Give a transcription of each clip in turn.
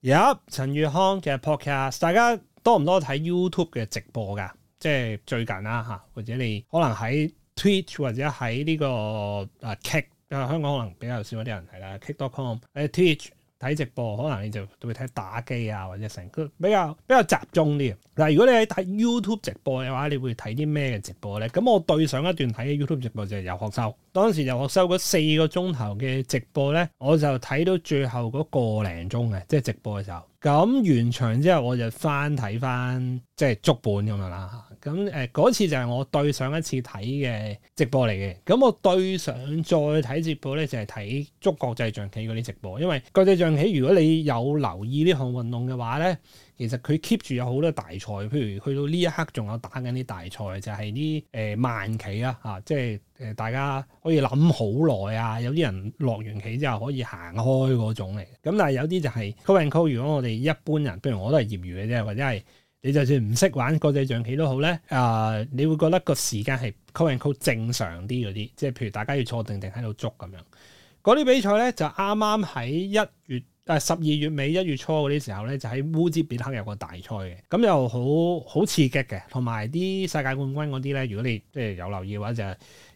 有、yep, 陳宇康嘅 podcast，大家多唔多睇 YouTube 嘅直播㗎？即係最近啦、啊、嚇，或者你可能喺 Twitch 或者喺呢、這個啊 Kick、啊、香港可能比較少啲人睇啦。Kick.com，誒、啊、Twitch。睇直播可能你就會睇打機啊，或者成個比較比較集中啲。嗱，如果你喺睇 YouTube 直播嘅話，你會睇啲咩嘅直播咧？咁我對上一段睇嘅 YouTube 直播就係游學修，當時游學修嗰四個鐘頭嘅直播咧，我就睇到最後嗰個零鐘嘅，即係直播嘅時候。咁完場之後，我就翻睇翻即係足本咁樣啦。咁誒嗰次就係我對上一次睇嘅直播嚟嘅，咁我對上再睇直播咧就係、是、睇捉國際象棋嗰啲直播，因為國際象棋如果你有留意呢項運動嘅話咧，其實佢 keep 住有好多大賽，譬如去到呢一刻仲有打緊啲大賽，就係啲誒慢棋啊嚇、啊，即係誒、呃、大家可以諗好耐啊，有啲人落完棋之後可以行開嗰種嚟。咁但係有啲就係 coin coin 如果我哋一般人，譬如我都係業餘嘅啫，或者係。你就算唔識玩國際象棋都好咧，啊、呃！你會覺得個時間係 c o u 正常啲嗰啲，即係譬如大家要坐定定喺度捉咁樣嗰啲比賽咧，就啱啱喺一月。但係十二月尾一月初嗰啲時候咧，就喺烏茲別克有個大賽嘅，咁又好好刺激嘅。同埋啲世界冠軍嗰啲咧，如果你即係有留意嘅話，就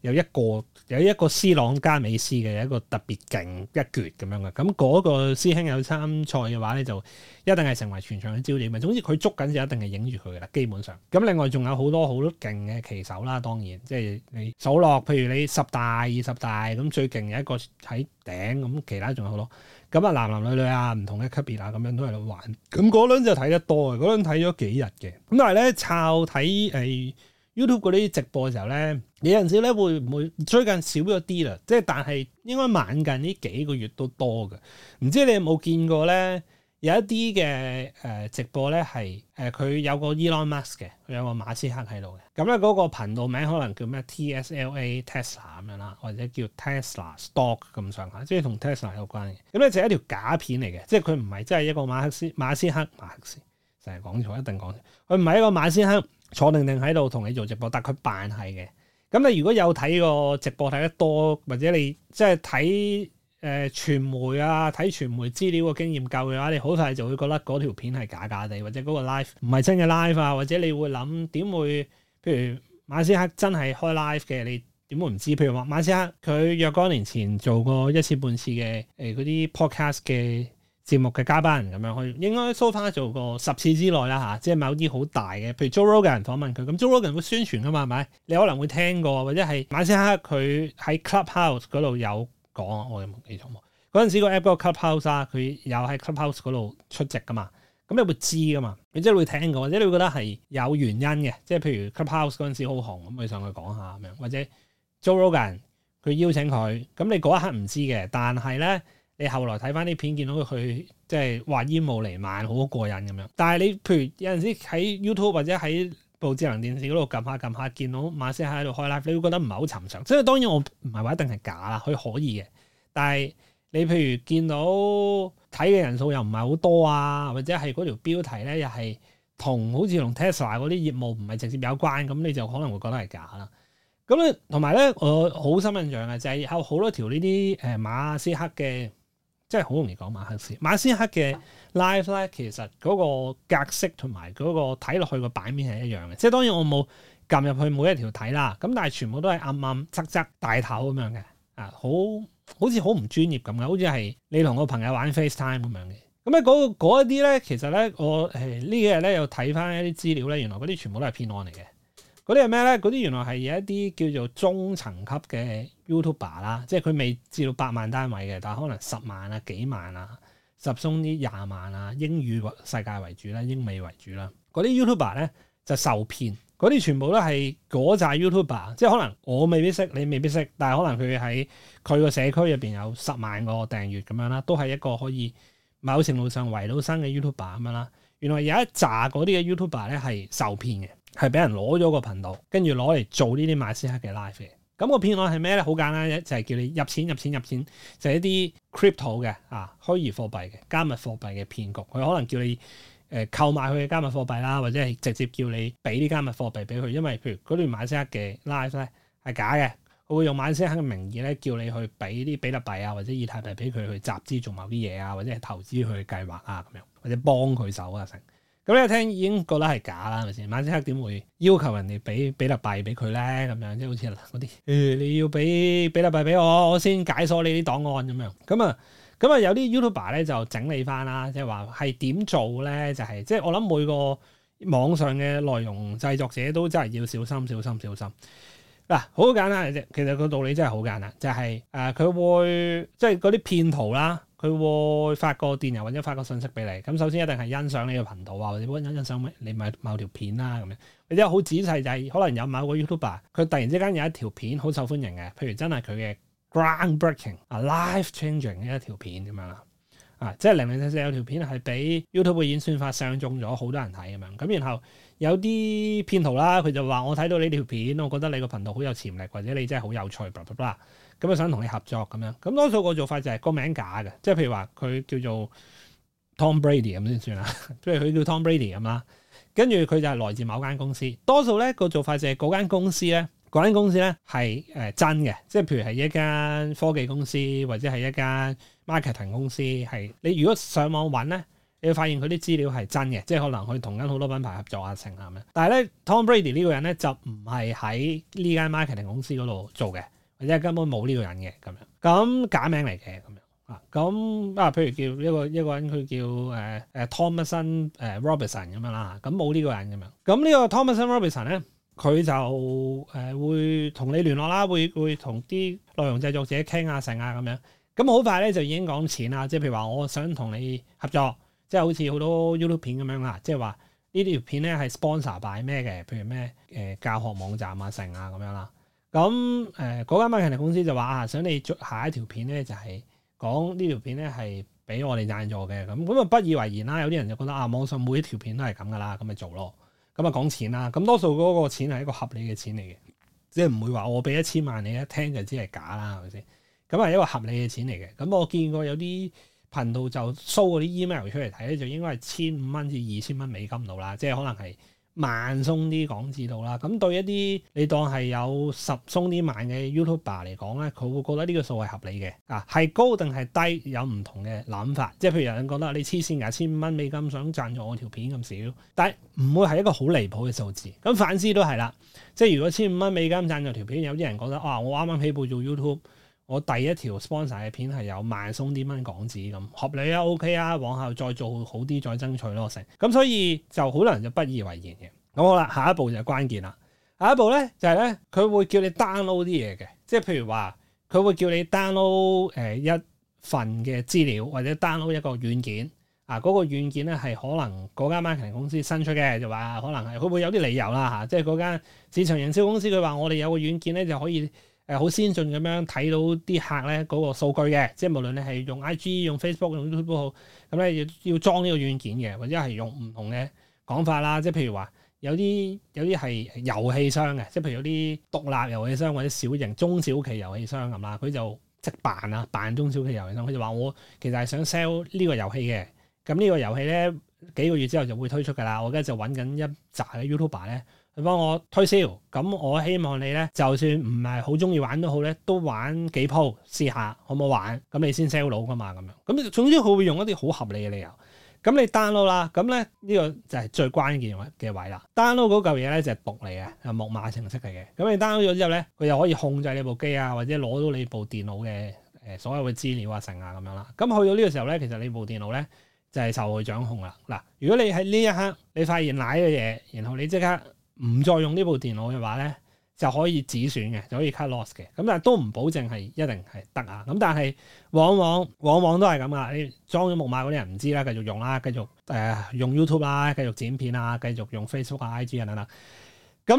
有一個有一個斯朗加美斯嘅一個特別勁一決咁樣嘅。咁、那、嗰個師兄有參賽嘅話咧，就一定係成為全場嘅焦點。總之佢捉緊就一定係影住佢嘅啦，基本上。咁另外仲有好多好多勁嘅棋手啦，當然即係你數落，譬如你十大二十大咁最勁有一個喺頂，咁其他仲有好多。咁啊，男男女女啊，唔同嘅級別啊，咁樣都喺度玩。咁嗰輪就睇得多啊，嗰輪睇咗幾日嘅。咁但係咧，抄睇誒 YouTube 嗰啲直播嘅時候咧，有陣時咧會唔會最近少咗啲啦。即係但係應該晚近呢幾個月都多㗎。唔知你有冇見過咧？有一啲嘅誒直播咧係誒佢有個 Elon Musk 嘅，佢有個馬斯克喺度嘅。咁咧嗰個頻道名可能叫咩 TSLA Tesla 咁樣啦，或者叫 Tesla Stock 咁上下，即係同 Tesla 有關嘅。咁咧就係一條假片嚟嘅，即係佢唔係真係一個馬克思馬斯克，馬克思成日講錯，一定講錯。佢唔係一個馬斯克坐定定喺度同你做直播，但佢扮係嘅。咁、嗯、你如果有睇個直播睇得多，或者你即係睇。誒、呃、傳媒啊，睇傳媒資料嘅經驗夠嘅話，你好快就會覺得嗰條片係假假地，或者嗰個 live 唔係真嘅 live 啊，或者你會諗點會？譬如馬斯克真係開 live 嘅，你點會唔知？譬如話馬斯克佢若干年前做過一次半次嘅誒嗰、哎、啲 podcast 嘅節目嘅嘉賓咁樣，可以應該 so far 做過十次之內啦嚇、啊，即係某啲好大嘅，譬如 Joe Rogan 嘅人訪問佢，咁 Joe Rogan 會宣傳噶嘛，係咪？你可能會聽過，或者係馬斯克佢喺 Clubhouse 嗰度有。講我忘記那那 house，又冇記錯喎，嗰陣時個 Apple Clubhouse 啊，佢有喺 Clubhouse 嗰度出席噶嘛，咁你會知噶嘛，你即係會聽過，或者你會覺得係有原因嘅，即係譬如 Clubhouse 嗰陣時好紅，咁你上去講下咁樣，或者 Joe Rogan 佢邀請佢，咁你嗰一刻唔知嘅，但係咧你後來睇翻啲片，見到佢即係畫煙霧彌漫，好過癮咁樣。但係你譬如有陣時喺 YouTube 或者喺。部智能電視嗰度撳下撳下，見到馬斯克喺度開 live，你會覺得唔係好尋常。所以當然我唔係話一定係假啦，佢可以嘅。但係你譬如見到睇嘅人數又唔係好多啊，或者係嗰條標題咧又係同好似同 Tesla 嗰啲業務唔係直接有關咁，你就可能會覺得係假啦。咁咧同埋咧，我好深印象嘅就係、是、有好多條呢啲誒馬斯克嘅。即係好容易講馬克思，馬斯克嘅 live 咧，其實嗰個格式同埋嗰個睇落去個版面係一樣嘅。即係當然我冇撳入去每一條睇啦，咁但係全部都係暗暗、側側、大頭咁樣嘅，啊，好好似好唔專業咁嘅，好似係你同個朋友玩 FaceTime 咁樣嘅。咁咧嗰一啲咧，其實咧我誒呢幾日咧又睇翻一啲資料咧，原來嗰啲全部都係騙案嚟嘅。嗰啲係咩咧？嗰啲原來係有一啲叫做中層級嘅 YouTuber 啦，即係佢未至到百萬單位嘅，但係可能十萬啊、幾萬啊、十鬆啲廿萬啊，英語世界為主啦、英美為主啦，嗰啲 YouTuber 咧就受騙，嗰啲全部都係嗰扎 YouTuber，即係可能我未必識，你未必識，但係可能佢喺佢個社區入邊有十萬個訂閱咁樣啦，都係一個可以某程度上維到生嘅 YouTuber 咁樣啦。原來有一扎嗰啲嘅 YouTuber 咧係受騙嘅。係俾人攞咗個頻道，跟住攞嚟做、嗯那個、呢啲馬斯克嘅 live 嘅。咁個騙案係咩咧？好簡單嘅，就係、是、叫你入錢入錢入錢，就是、一啲 crypto 嘅啊虛擬貨幣嘅加密貨幣嘅騙局。佢可能叫你誒購、呃、買佢嘅加密貨幣啦，或者係直接叫你俾啲加密貨幣俾佢，因為譬如嗰段馬斯克嘅 live 咧係假嘅，佢會用馬斯克嘅名義咧叫你去俾啲比特幣啊或者以太幣俾佢去集資做某啲嘢啊，或者係投資佢嘅計劃啊咁樣，或者幫佢手啊成。等等。咁你一聽已經覺得係假啦，係咪先？晚啲黑點會要求人哋俾比特幣俾佢咧？咁樣即係好似嗰啲誒、欸，你要俾比特幣俾我，我先解鎖你啲檔案咁樣。咁啊，咁啊，有啲 YouTuber 咧就整理翻啦，即係話係點做咧？就係、是、即係我諗每個網上嘅內容製作者都真係要小心小心小心。嗱，好、啊、簡單啫，其實個道理真係好簡單，就係、是、誒，佢、呃、會即係嗰啲騙徒啦。佢會發個電郵或者發個信息俾你。咁首先一定係欣賞你嘅頻道啊，或者溫欣欣賞你某某條片啦咁樣。你真係好仔細就係、是、可能有某個 YouTuber 佢突然之間有一條片好受歡迎嘅，譬如真係佢嘅 groundbreaking 啊、life-changing 一條片咁樣啦。啊，即係零零星星有條片係俾 YouTube 嘅演算法上中咗，好多人睇咁樣。咁然後有啲騙徒啦，佢就話我睇到你條片，我覺得你個頻道好有潛力，或者你真係好有趣，b 咁啊，想同你合作咁樣，咁多數個做法就係個名假嘅，即係譬如話佢叫做 Tom Brady 咁先算啦，譬如佢叫 Tom Brady 咁啦，跟住佢就係來自某間公司。多數咧個做法就係嗰間公司咧，嗰間公司咧係誒真嘅，即係譬如係一間科技公司，或者係一間 marketing 公司。係你如果上網揾咧，你會發現佢啲資料係真嘅，即係可能佢同緊好多品牌合作啊，成啊咁樣。但係咧 Tom Brady 呢個人咧就唔係喺呢間 marketing 公司嗰度做嘅。即係根本冇呢個人嘅咁樣，咁假名嚟嘅咁樣啊，咁啊，譬如叫一個一個人，佢叫誒誒 Thomason 誒 Robinson 咁樣啦，咁冇呢個人咁樣。咁、啊這個、呢個 Thomason Robinson 咧，佢就誒會同你聯絡啦，會會同啲內容製作者傾下成啊咁樣。咁、啊、好、嗯、快咧就已經講錢啦，即係譬如話我想同你合作，即係好似好多 YouTube 片咁樣啦，即係話呢條片咧係 sponsor 擺咩嘅，譬如咩誒教學網站啊成啊咁樣啦。咁誒嗰間 marketing 公司就話啊，想你做下一條片咧，就係、是、講呢條片咧係俾我哋贊助嘅咁，咁啊不以為然啦，有啲人就覺得啊，網上每一條片都係咁噶啦，咁咪做咯，咁啊講錢啦，咁、啊、多數嗰個錢係一個合理嘅錢嚟嘅，即係唔會話我俾一千萬你一聽就知係假啦，係咪先？咁啊一個合理嘅錢嚟嘅，咁、啊、我見過有啲頻道就收嗰啲 email 出嚟睇咧，就應該係千五蚊至二千蚊美金到啦，即係可能係，慢鬆啲港紙度啦，咁對一啲你當係有十鬆啲萬嘅 YouTuber 嚟講咧，佢會覺得呢個數係合理嘅，啊係高定係低有唔同嘅諗法，即係譬如有人覺得你黐線廿千五蚊美金想贊助我條片咁少，但係唔會係一個好離譜嘅數字。咁反思都係啦，即係如果千五蚊美金贊助條片，有啲人覺得啊，我啱啱起步做 YouTube。我第一條 sponsor 嘅片係有萬鬆啲蚊港紙咁合理啊 OK 啊往後再做好啲再爭取咯成咁所以就好多人就不以為然嘅咁好啦下一步就係關鍵啦下一步咧就係咧佢會叫你 download 啲嘢嘅，即係譬如話佢會叫你 download 誒、呃、一份嘅資料或者 download 一個軟件啊嗰、那個軟件咧係可能嗰間 marketing 公司新出嘅就話可能係佢會有啲理由啦嚇、啊，即係嗰間市場營銷公司佢話我哋有個軟件咧就可以。誒好、呃、先進咁樣睇到啲客咧嗰個數據嘅，即係無論你係用 IG 用 book，用、用、嗯、Facebook、用 YouTube 都好，咁咧要要裝呢個軟件嘅，或者係用唔同嘅講法啦。即係譬如話有啲有啲係遊戲商嘅，即係譬如有啲獨立遊戲商或者小型中小企遊戲商咁啦，佢就即扮啊扮中小企遊戲商，佢就話我其實係想 sell 呢個遊戲嘅，咁、嗯、呢、呢個遊戲咧幾個月之後就會推出㗎啦，我而家就揾緊一集嘅 YouTuber 咧。佢幫我推銷，咁我希望你咧，就算唔係好中意玩都好咧，都玩幾鋪試下，好唔好玩？咁你先 sell 到㗎嘛咁樣。咁總之佢會用一啲好合理嘅理由。咁你 download 啦，咁咧呢、呢個就係最關鍵嘅位啦。download 嗰嚿嘢咧就係、係、毒嚟嘅，係木馬程式嚟嘅。咁你 download 咗之後咧，佢又可以控制你部機啊，或者攞到你部電腦嘅誒、呃、所有嘅資料啊成啊咁樣啦。咁去到呢個時候咧，其實你部電腦咧就係、係、受佢掌控啦。嗱，如果你喺呢一刻你發現賴嘅嘢，然後你即刻，唔再用呢部電腦嘅話咧，就可以止損嘅，就可以 cut loss 嘅。咁但係都唔保證係一定係得啊。咁但係往往往往都係咁噶。你裝咗木馬嗰啲人唔知啦，繼續用啦，繼續誒、呃、用 YouTube 啦，繼續剪片啊，繼續用 Facebook 啊、IG 等等、等、等。咁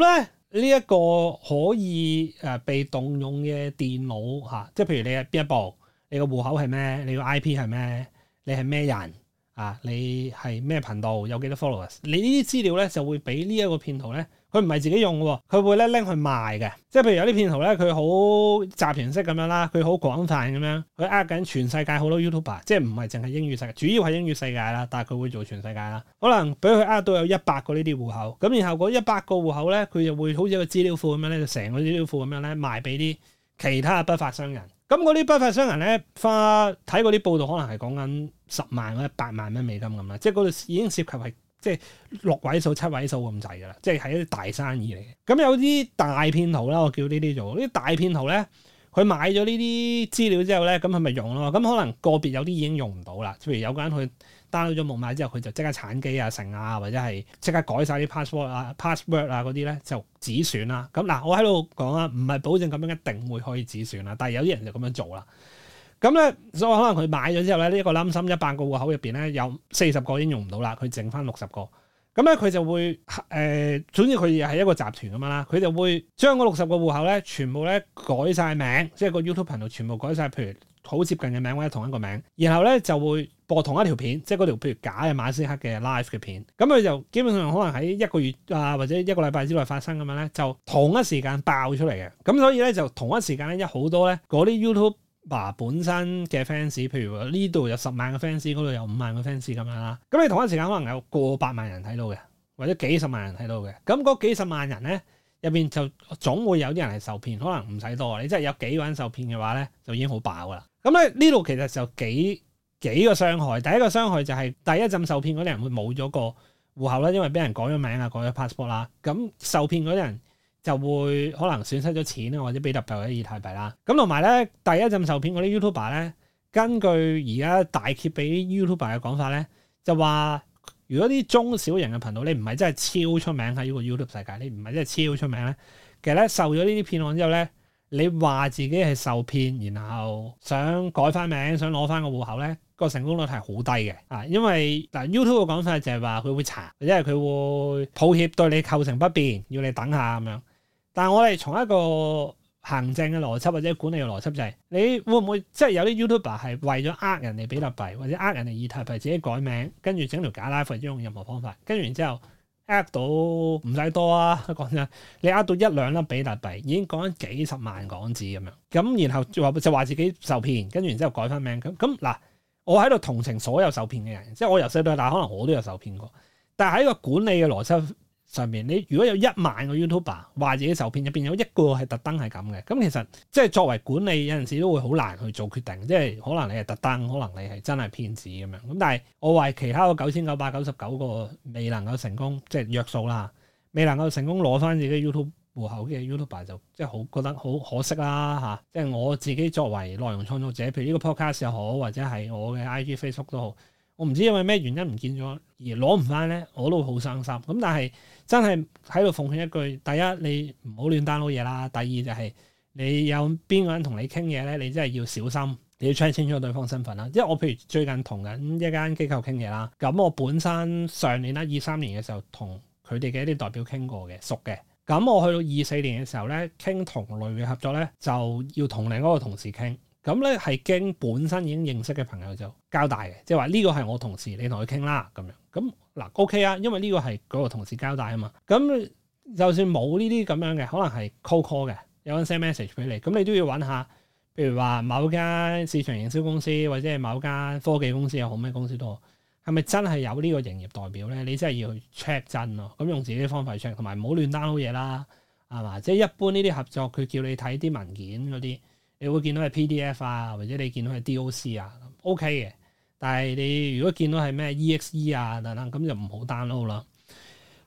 咧呢一、這個可以誒、呃、被動用嘅電腦吓、啊，即係譬如你係邊一部，你個戶口係咩，你個 IP 係咩，你係咩人？啊，你係咩頻道？有幾多 followers？你呢啲資料咧就會俾呢一個騙徒咧，佢唔係自己用嘅，佢會咧拎去賣嘅。即係譬如有啲騙徒咧，佢好集團式咁樣啦，佢好廣泛咁樣，佢呃緊全世界好多 YouTuber，即係唔係淨係英語世界，主要係英語世界啦，但係佢會做全世界啦。可能俾佢呃到有一百個呢啲戶口，咁然後嗰一百個戶口咧，佢就會好似一個資料庫咁樣咧，就成個資料庫咁樣咧賣俾啲其他不法商人，咁嗰啲不法商人咧，花睇嗰啲報道，可能係講緊十萬或者八萬蚊美金咁啦，即係嗰度已經涉及係即係六位數、七位數咁滯噶啦，即係係一啲大生意嚟嘅。咁有啲大騙徒啦，我叫呢啲做，片圖呢啲大騙徒咧。佢買咗呢啲資料之後咧，咁佢咪用咯。咁可能個別有啲已經用唔到啦。譬如有個人佢 download 咗木馬之後，佢就即刻鏟機啊、成啊，或者係即刻改晒啲 password 啊、password 啊嗰啲咧就止損啦。咁嗱，我喺度講啊，唔係保證咁樣一定會可以止損啦。但係有啲人就咁樣做啦。咁咧，所以可能佢買咗之後咧，呢、這、一個擔心一百個戶口入邊咧，有四十個已經用唔到啦，佢剩翻六十個。咁咧佢就會誒、呃，總之佢又係一個集團咁樣啦。佢就會將嗰六十個戶口咧，全部咧改晒名，即係個 YouTube 頻道全部改晒，譬如好接近嘅名或者同一個名。然後咧就會播同一條片，即係嗰條譬如假嘅馬斯克嘅 live 嘅片。咁、嗯、佢就基本上可能喺一個月啊或者一個禮拜之內發生咁樣咧，就同一時間爆出嚟嘅。咁、嗯、所以咧就同一時間咧一好多咧嗰啲 YouTube。嗱、啊，本身嘅 fans，譬如呢度有十萬個 fans，嗰度有五萬個 fans 咁樣啦。咁你同一時間可能有過百萬人睇到嘅，或者幾十萬人睇到嘅。咁嗰幾十萬人咧，入邊就總會有啲人係受騙，可能唔使多，你真係有幾個人受騙嘅話咧，就已經好爆啦。咁咧呢度其實就幾幾個傷害。第一個傷害就係第一陣受騙嗰啲人會冇咗個戶口啦，因為俾人改咗名啊，改咗 passport 啦。咁受騙嗰啲人。就會可能損失咗錢啦，或者比特幣或者以太幣啦。咁同埋咧，第一陣受騙嗰啲 YouTuber 咧，根據而家大揭俾 YouTuber 嘅講法咧，就話如果啲中小型嘅頻道你唔係真係超出名喺呢個 YouTube 世界，你唔係真係超出名咧，其實咧受咗呢啲騙案之後咧，你話自己係受騙，然後想改翻名，想攞翻個戶口咧，個成功率係好低嘅啊！因為嗱 YouTube 嘅講法就係話佢會查，或者係佢會抱歉對你構成不便，要你等下咁樣。但係我哋從一個行政嘅邏輯或者管理嘅邏輯就係，你會唔會即係有啲 YouTuber 係為咗呃人哋比特幣或者呃人哋以太幣，自己改名，跟住整條假拉闊，用任何方法，跟住然之後呃到唔使多啊，講真，你呃到一兩粒比特幣已經講緊幾十萬港紙咁樣，咁然後就話就話自己受騙，跟住然之後改翻名咁，咁嗱，我喺度同情所有受騙嘅人，即係我由細到大可能我都有受騙過，但係喺個管理嘅邏輯。上面你如果有一萬個 YouTuber 話自己受騙，入邊有一個係特登係咁嘅，咁其實即係作為管理有陣時都會好難去做決定，即係可能你係特登，可能你係真係騙子咁樣。咁但係我話其他個九千九百九十九個未能夠成功，即係約數啦，未能夠成功攞翻自己 YouTube 戶口嘅 YouTuber 就即係好覺得好可惜啦嚇。即係我自己作為內容創造者，譬如呢個 Podcast 又好，或者係我嘅 IG、Facebook 都好，我唔知因為咩原因唔見咗而攞唔翻咧，我都好傷心。咁但係。真係喺度奉勸一句，第一你唔好亂 download 嘢啦。第二就係、是、你有邊個人同你傾嘢咧，你真係要小心，你要 check 清楚對方身份啦。因為我譬如最近同緊一間機構傾嘢啦，咁我本身上年啦、二三年嘅時候同佢哋嘅一啲代表傾過嘅熟嘅，咁我去到二四年嘅時候咧傾同類嘅合作咧，就要同另一個同事傾，咁咧係經本身已經認識嘅朋友就交帶嘅，即係話呢個係我同事，你同佢傾啦咁樣咁。嗱 OK 啊，因為呢個係嗰個同事交代啊嘛。咁就算冇呢啲咁樣嘅，可能係 cold call 嘅，有人 send message 俾你，咁你都要揾下，譬如話某間市場營銷公司或者係某間科技公司又好咩公司都好，係咪真係有呢個營業代表咧？你真係要去 check 真咯。咁用自己方法 check，同埋唔好亂 download 嘢啦，係嘛？即係一般呢啲合作，佢叫你睇啲文件嗰啲，你會見到係 PDF 啊，或者你見到係 DOC 啊，OK 嘅。但係你如果見到係咩 EXE 啊等等，咁就唔好 download 啦。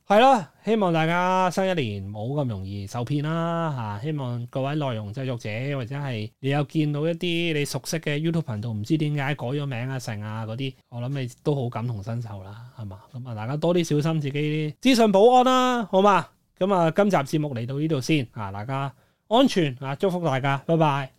係咯，希望大家新一年冇咁容易受騙啦嚇、啊。希望各位內容製作者或者係你有見到一啲你熟悉嘅 YouTube 頻道，唔知點解改咗名啊成啊嗰啲，我諗你都好感同身受啦，係嘛？咁啊，大家多啲小心自己啲資訊保安啦，好嘛？咁啊，今集節目嚟到呢度先嚇、啊，大家安全嚇、啊，祝福大家，拜拜。